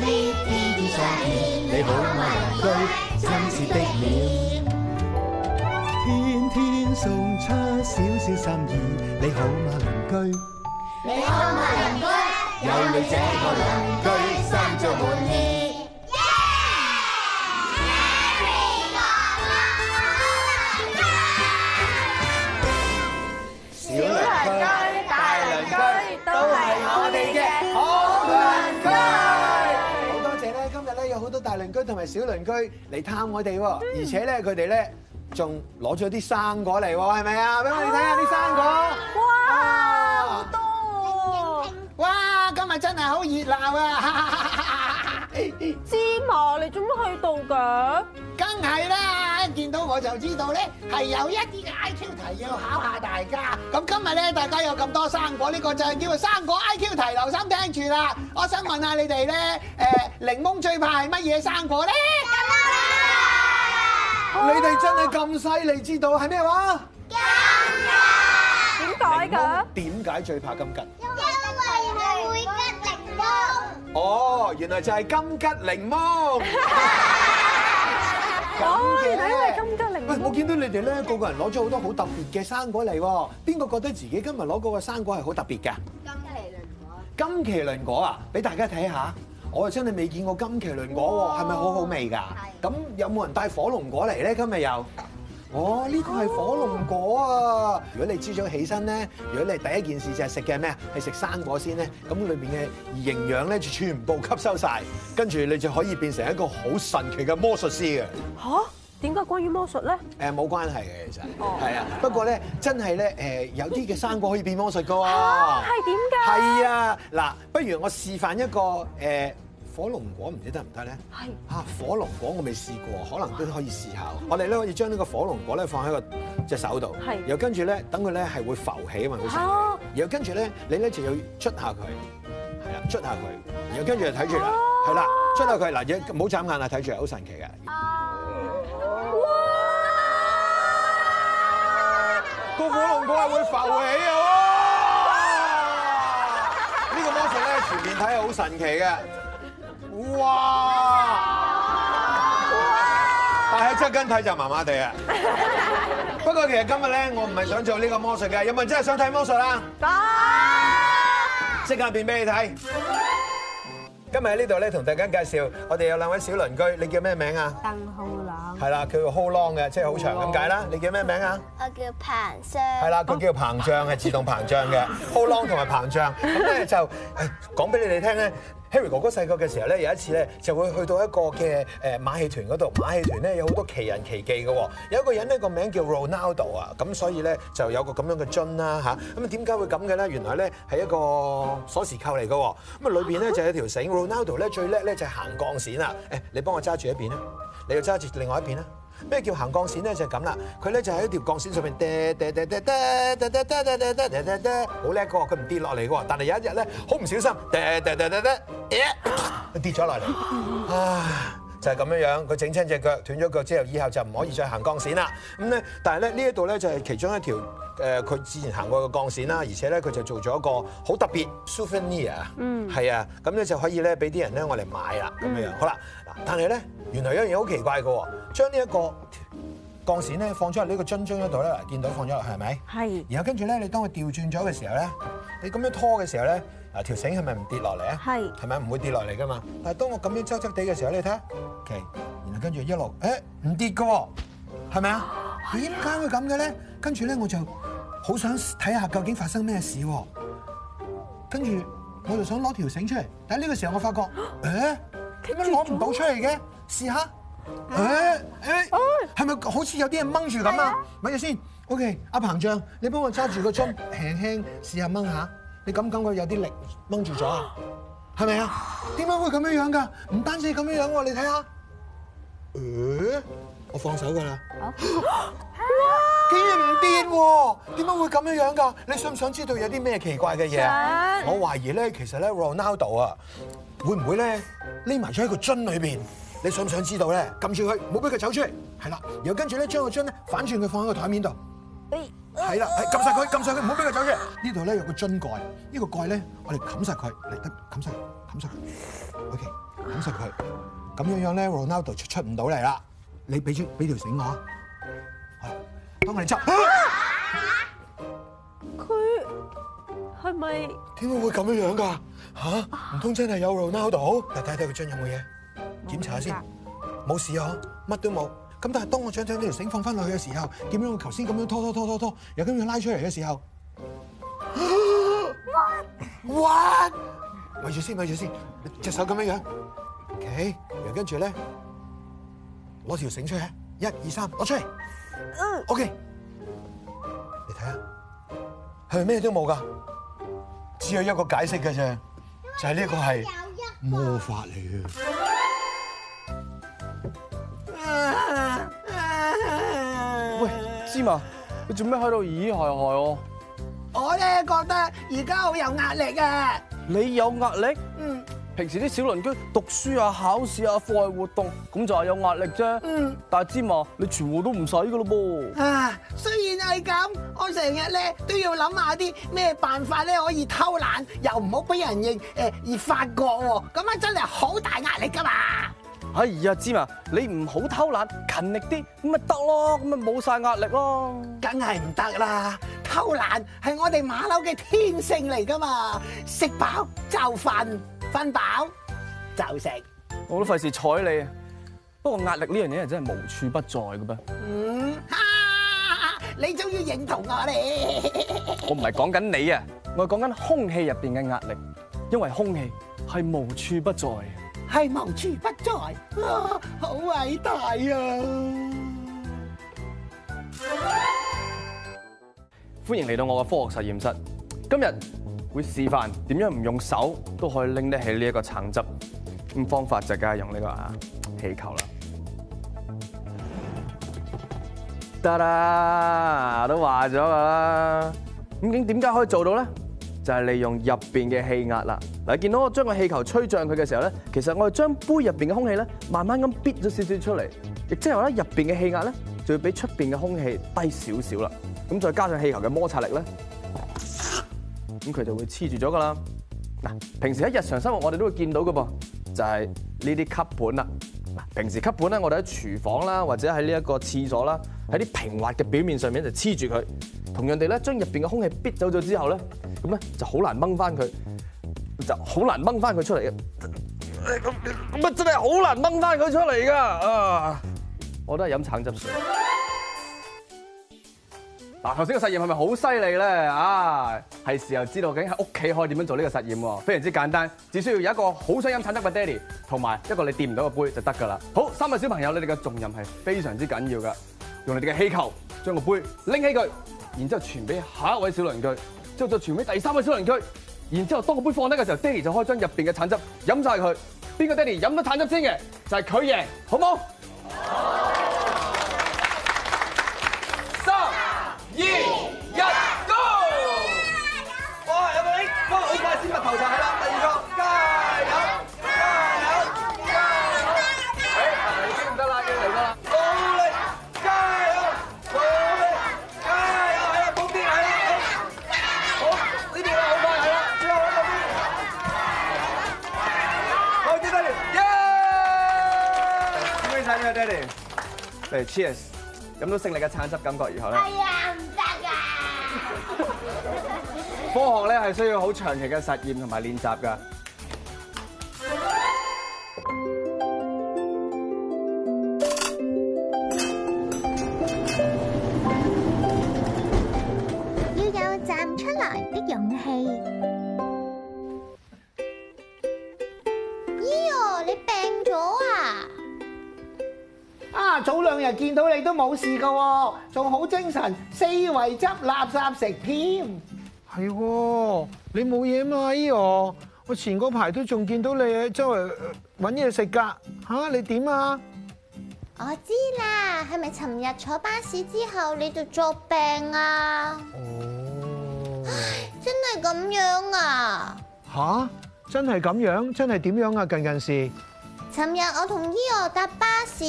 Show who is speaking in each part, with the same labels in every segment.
Speaker 1: 天天你好嗎？鄰居，親切的臉，天天送
Speaker 2: 出小小心意。你好嗎？鄰居，
Speaker 1: 你好嗎？鄰居，有你這個鄰居，心中滿意。
Speaker 2: 鄰居同埋小鄰居嚟探我哋喎，而且咧佢哋咧仲攞咗啲生果嚟喎，係咪
Speaker 3: 啊？俾我哋睇下啲生果哇。哇，好多喎，啊！哇，今日真係好熱鬧啊！芝麻，你做乜去到㗎？梗係啦。見到我就知道咧，係有一啲嘅 I Q 題要考下大家。咁今日咧，大家有咁多生果，呢個就係叫生果 I Q 題，留心聽住啦。我想問下你哋咧，誒檸檬最怕係乜嘢生果咧？
Speaker 1: 金
Speaker 3: 桔。你哋真係咁犀利，知道係咩話？金
Speaker 1: 桔。點解嘅？
Speaker 2: 點解最怕金桔？
Speaker 1: 因
Speaker 2: 為係會吉檸檬。哦，原來就係金桔檸檬。哦，嚟睇嚟金麒麟！喂，我見到你哋咧，個個人攞咗好多好特別嘅生果嚟喎。邊個覺得自己今日攞嗰個生果係好特別㗎？金麒麟果,
Speaker 3: 果，金
Speaker 2: 麒麟果啊！俾大家睇下，我哋真係未見過金麒麟果喎，係咪好好味㗎？咁是的 有冇人帶火龍果嚟咧？今日又。哦，呢個係火龍果啊！如果你朝早起身咧，如果你第一件事就係食嘅咩啊？係食生果先咧，咁裏面嘅營養咧就全部吸收晒。跟住你就可以變成一個好神奇嘅魔術師嘅。
Speaker 4: 嚇？點解關於魔術咧？
Speaker 2: 誒冇關係嘅，其實係啊。不過咧，真係咧，誒有啲嘅生果可以變魔術㗎喎。
Speaker 1: 嚇？係點㗎？係
Speaker 2: 啊！嗱，不如我示範一個誒。呃火龍果唔知得唔得咧？係嚇，火龍果我未試過，可能都可以試下。我哋咧可以將呢個火龍果咧放喺個隻手度，然後跟住咧等佢咧係會浮起啊嘛，好神奇。然後跟住咧你咧就要捽下佢，係啦，捽下佢，然後跟住就睇住啦，係啦，捽下佢嗱，唔好眨眼啊，睇住，好神奇嘅。哇！個火龍果係會浮起啊！呢個魔術咧，前面睇係好神奇嘅。哇！但係真係跟睇就麻麻地啊。不過其實今日咧，我唔係想做呢個魔術嘅。有冇人真係想睇魔術啊？得！即刻變俾你睇。今日喺呢度咧，同大家介紹我哋有兩位小鄰居。你叫咩名啊？鄧浩
Speaker 1: 朗。
Speaker 2: 係啦，叫做浩朗嘅，即係好長咁解啦。你叫咩名啊？我
Speaker 1: 叫膨脹。係
Speaker 2: 啦，佢叫做膨脹，係自動膨脹嘅。浩朗同埋膨脹咁咧，就講俾你哋聽咧。Harry 哥哥細個嘅時候咧，有一次咧，就會去到一個嘅誒馬戲團嗰度。馬戲團咧，有好多奇人奇技嘅喎。有一個人咧，個名叫 Ronaldo 啊，咁所以咧就有個咁樣嘅樽啦吓，咁點解會咁嘅咧？原來咧係一個鎖匙扣嚟嘅喎。咁啊裏邊咧就有一條繩。啊、Ronaldo 咧最叻咧就係行鋼線啦誒，你幫我揸住一邊啦，你要揸住另外一邊啦。咩叫行鋼線咧？就係咁啦，佢咧就喺條鋼線上面好叻㗎，佢唔跌落嚟㗎。但係有一日咧，好唔小心，嗲，跌咗落嚟。唉，就係咁樣樣，佢整親隻腳，斷咗腳之後，以後就唔可以再行鋼線啦。咁咧，但係咧呢一度咧就係其中一條。誒佢之前行過個鋼線啦，而且咧佢就做咗一個好特別 souvenir 啊，係啊，咁咧就可以咧俾啲人咧我嚟買啦，咁樣樣。好啦，但係咧原來一樣嘢好奇怪嘅喎，將呢一個鋼線咧放咗落呢個樽樽嗰度咧，見到放咗落係咪？係。是 然後跟住咧，你當佢調轉咗嘅時候咧，你咁樣拖嘅時候咧，嗱條繩係咪唔跌落嚟啊？係。係咪唔會跌落嚟嘅嘛？但係當我咁樣揪揪地嘅時候，你睇下，OK，< 是 S 1> 然後跟住一路誒唔跌嘅喎，係咪啊？點解是的 會咁嘅咧？跟住咧我就。好想睇下究竟發生咩事喎，跟住我就想攞條繩出嚟，但呢個時候我發覺，誒點解攞唔到出嚟嘅？試下，誒誒，係咪好似有啲人掹住咁啊？咪住先，OK，阿彭脹，你幫我揸住個樽，輕輕試下掹下，你感感覺有啲力掹住咗啊？係咪啊？點解會咁樣樣噶？唔單止咁樣樣喎，你睇下，誒，我放手㗎啦。好。竟然唔掂喎，點解會咁樣樣㗎？你想唔想知道有啲咩奇怪嘅嘢？我懷疑咧，其實咧 Ronaldo 啊，會唔會咧匿埋咗喺個樽裏邊？你想唔想知道咧？撳住佢，唔好俾佢走出嚟。係啦，然後跟住咧，將個樽咧反轉，佢放喺個台面度。咦係啦，撳晒佢，撳晒佢，唔好俾佢走出嚟。呢度咧有個樽蓋，呢個蓋咧，我哋冚晒佢，嚟得冚晒佢，冚晒佢。OK，冚曬佢。咁樣樣咧 Ronaldo 出出唔到嚟啦。你俾出俾條繩我。我嚟執佢係咪？點解會咁樣樣噶？吓，唔通真係有露孬到？大家睇睇佢張有冇嘢？檢查下先，冇事啊，乜都冇。咁但係當我將將呢條繩放翻落去嘅時候，點解我頭先咁樣拖拖拖拖拖，又咁樣拉出嚟嘅時候哇，哇，咪住先，咪住先。隻、啊、What？手咁樣樣，OK。然後跟住咧，攞條繩出嚟，一二三，攞出嚟。嗯，OK，你睇下，係咩都冇噶，只有一個解釋嘅啫，
Speaker 4: 就係呢個係魔法嚟嘅。喂，芝麻，你做咩喺度咦咦害害哦？
Speaker 3: 我咧覺得而家好有壓力嘅。
Speaker 4: 你有壓力？平時啲小鄰居讀書啊、考試啊、課外活動咁就係有壓力啫。嗯，但係芝麻，你全部都唔使噶咯噃。
Speaker 3: 啊，雖然係咁，我成日咧都要諗下啲咩辦法咧可以偷懶又唔好俾人認
Speaker 4: 誒而發覺喎。
Speaker 3: 咁啊真係好大壓力噶嘛。
Speaker 4: 哎呀，芝麻，你唔好偷懶，勤力啲咁咪得咯，咁咪冇晒壓力咯。梗係唔得啦，
Speaker 3: 偷懶係我哋馬騮嘅天性嚟噶嘛，食飽就
Speaker 4: 瞓。分飽就食，我都費事睬你。不過壓力呢樣嘢係真係無處不在嘅
Speaker 3: 噃。嗯，哈！你終於認同我咧。
Speaker 4: 我唔係講緊你啊，我係講緊空氣入邊嘅壓力，因為空氣係無處不在啊。係無處不在，好偉大啊！歡迎嚟到我嘅科學實驗室，今日會示範點樣唔用手都可以拎得起呢一個橙汁。咁，方法就梗係用呢個啊氣球啦，得啦，都話咗啦。咁究竟點解可以做到咧？就係利用入邊嘅氣壓啦。嗱，見到我將個氣球吹脹佢嘅時候咧，其實我哋將杯入邊嘅空氣咧，慢慢咁逼咗少少出嚟，亦即係話咧，入邊嘅氣壓咧，就會比出邊嘅空氣低少少啦。咁再加上氣球嘅摩擦力咧。咁佢就會黐住咗噶啦。嗱，平時喺日常生活我哋都會見到噶噃，就係呢啲吸盤啦。嗱，平時吸盤咧，我哋喺廚房啦，或者喺呢一個廁所啦，喺啲平滑嘅表面上面就黐住佢，同人哋咧將入邊嘅空氣逼走咗之後咧，咁咧就好難掹翻佢，就好難掹翻佢出嚟嘅。
Speaker 1: 咁咁
Speaker 4: 啊，真係好難掹翻佢出嚟噶啊！我都係飲橙汁水。嗱，頭先個實驗係咪好犀利咧？啊，係時候知道究竟喺屋企可以點樣做呢個實驗喎？非常之簡單，只需要有一個好想飲橙汁嘅爹哋，同埋一個你掂唔到個杯就得㗎啦。好，三位小朋友，你哋嘅重任係非常之緊要㗎。用你哋嘅氣球將個杯拎起佢，然之後傳俾下一位小鄰居，之後就傳俾第三位小鄰居，然之後當個杯放低嘅時候，爹哋就可以將入邊嘅橙汁飲晒佢。邊個爹哋飲咗橙汁先嘅，就係佢贏，好冇？好投球係啦，第二個，加油，加油，加油！誒，快啲唔得啦嘅，嚟啦！努力，加油，努力，加油，係啦，快啲係啦，好，呢邊啦，好快係啦，最後喺度啲，好啲爹哋，耶！歡迎睇住啊，爹哋，嚟 cheers，飲到勝利嘅橙汁感覺以後咧。科學咧係需要好長期嘅實驗同埋練習㗎，
Speaker 1: 要有站出來的勇氣。咦？喎，你病咗啊？
Speaker 3: 啊！早兩日見到你都冇事㗎，仲好精神，四圍執垃圾食添。係，你冇嘢嘛？依我，我前
Speaker 2: 嗰排都仲見到你喺周圍揾嘢食㗎吓，你點啊？
Speaker 1: 我知啦，係咪尋日坐巴士之後你就作病啊？哦，唉，真係咁樣啊？
Speaker 2: 吓、啊，真係咁樣？真係點樣啊？近近時，
Speaker 1: 尋日我同伊我搭巴士，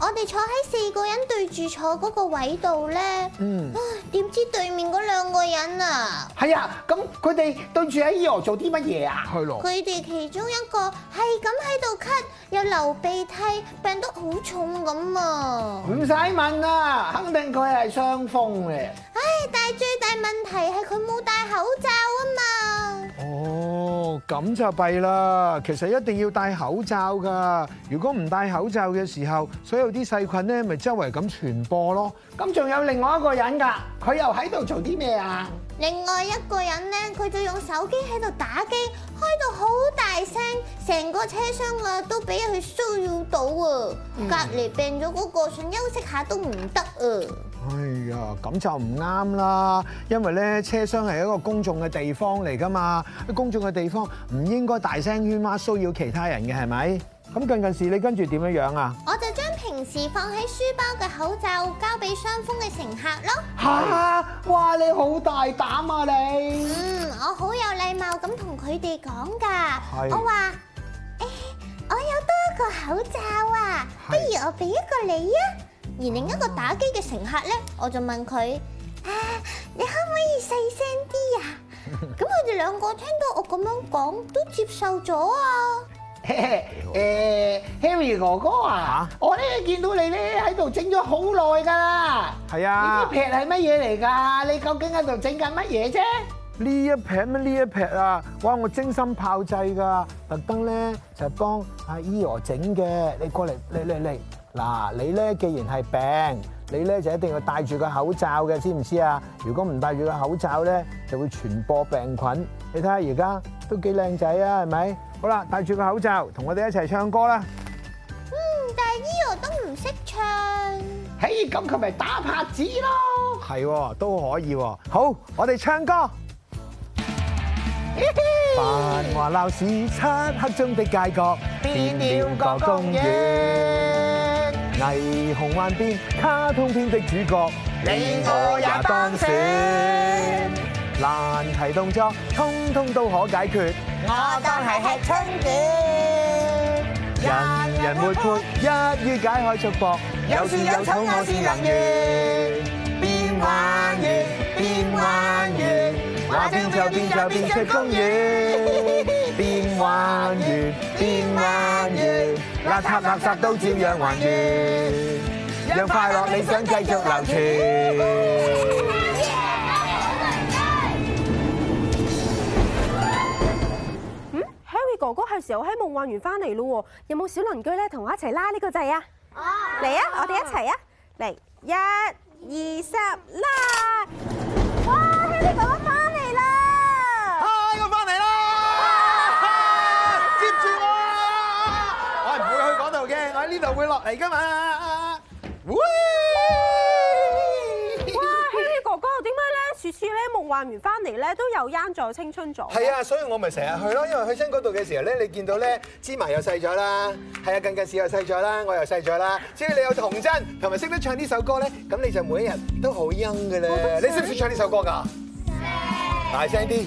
Speaker 1: 我哋坐喺四個人對住坐嗰個位度咧。嗯。Mm. 知對面嗰兩個人啊，係啊，咁
Speaker 3: 佢哋對住喺依度做啲乜嘢啊？佢
Speaker 1: 哋其中一個係咁喺度咳，又流鼻涕，病得好重咁啊！唔使
Speaker 3: 問啊，肯定佢係傷風
Speaker 1: 嘅。唉，但係最大問題係佢冇戴口罩啊嘛。
Speaker 3: 哦，咁就
Speaker 2: 弊啦。其實一定要戴口罩㗎。如果唔戴口罩嘅時候，所有啲細菌咧，咪周圍咁傳播咯。
Speaker 3: 咁仲有另外一個人㗎，佢又喺度做啲
Speaker 1: 咩啊？另外一個人咧，佢就用手機喺度打機，開到好大聲，成個車廂啊都俾佢騷擾到啊、那個！隔離病咗嗰個想休息下都唔得啊！
Speaker 2: 哎呀，咁就唔啱啦！因為咧，車廂係一個公眾嘅地方嚟噶嘛，公眾嘅地方唔應該大聲喧嘩騷擾其他人嘅，係咪？咁近近時，你跟住點樣樣啊？
Speaker 1: 我就將平時放喺書包嘅口罩交俾雙峰嘅乘客咯。吓！哇，你好大膽啊你！嗯，我好有禮貌咁同佢哋講噶，我話，誒，我有多個口罩啊，不如我俾一個你啊！而另一個打機嘅乘客咧，我就問佢，誒，你可唔可以細聲啲啊？咁佢哋兩個聽到我咁樣講，都接受咗啊！
Speaker 3: 誒，Henry 哥哥啊，我咧見到你咧喺度整咗好耐㗎啦。
Speaker 2: 係啊，呢一撇係
Speaker 3: 乜嘢嚟㗎？你究竟喺度整緊乜嘢啫？
Speaker 2: 呢一撇咩？呢一撇啊！哇，我精心炮製㗎，特登咧就幫阿 E 羅整嘅。你過嚟嚟嚟嚟！嗱，你咧既然係病，你咧就一定要戴住個口罩嘅，知唔知啊？如果唔戴住個口罩咧，就會傳播病菌。你睇下而家都幾靚仔啊，係咪？好啦，戴住個口罩，同我哋一齊唱歌啦。
Speaker 1: 嗯，但係呢我都唔
Speaker 3: 識唱。嘿，咁佢咪打拍子咯？
Speaker 2: 係喎，都可以喎。好，我哋唱歌。 繁華鬧市漆黑中的街角變了個公園。霓虹幻變，卡通片的主角，你我也當選難題動作，通通都可解決。
Speaker 1: 我當係吃春卷，
Speaker 2: 人人活潑，一於解開束縛。有事有丑，我先能遇。變幻月，變幻月，我變就變就變出公園。變幻月，變幻月。邋遢垃圾都轉樣還原，讓快樂理想繼續流傳。
Speaker 1: 嗯
Speaker 4: ，Henry 哥哥，係時候我喺夢幻園翻嚟咯，有冇小鄰居咧同我一齊拉呢個掣啊？
Speaker 1: 嚟啊！我哋一齊啊！嚟一二十拉！哇，Henry 哥哥？
Speaker 4: 呢度會落嚟噶嘛？喂！哇，兄哥哥，點解咧？次次咧夢幻完翻嚟咧，都有 young 咗青春咗。係啊，所以
Speaker 2: 我咪成日去咯，因
Speaker 4: 為去親嗰度嘅
Speaker 2: 時候咧，你見到咧芝麻又細咗啦，係啊，近近視又細咗啦，我又細咗啦。只要你有童真同埋識得唱呢首歌咧，咁你就每一日都好 young 噶啦。你識唔識唱呢首歌噶？識是，大聲啲。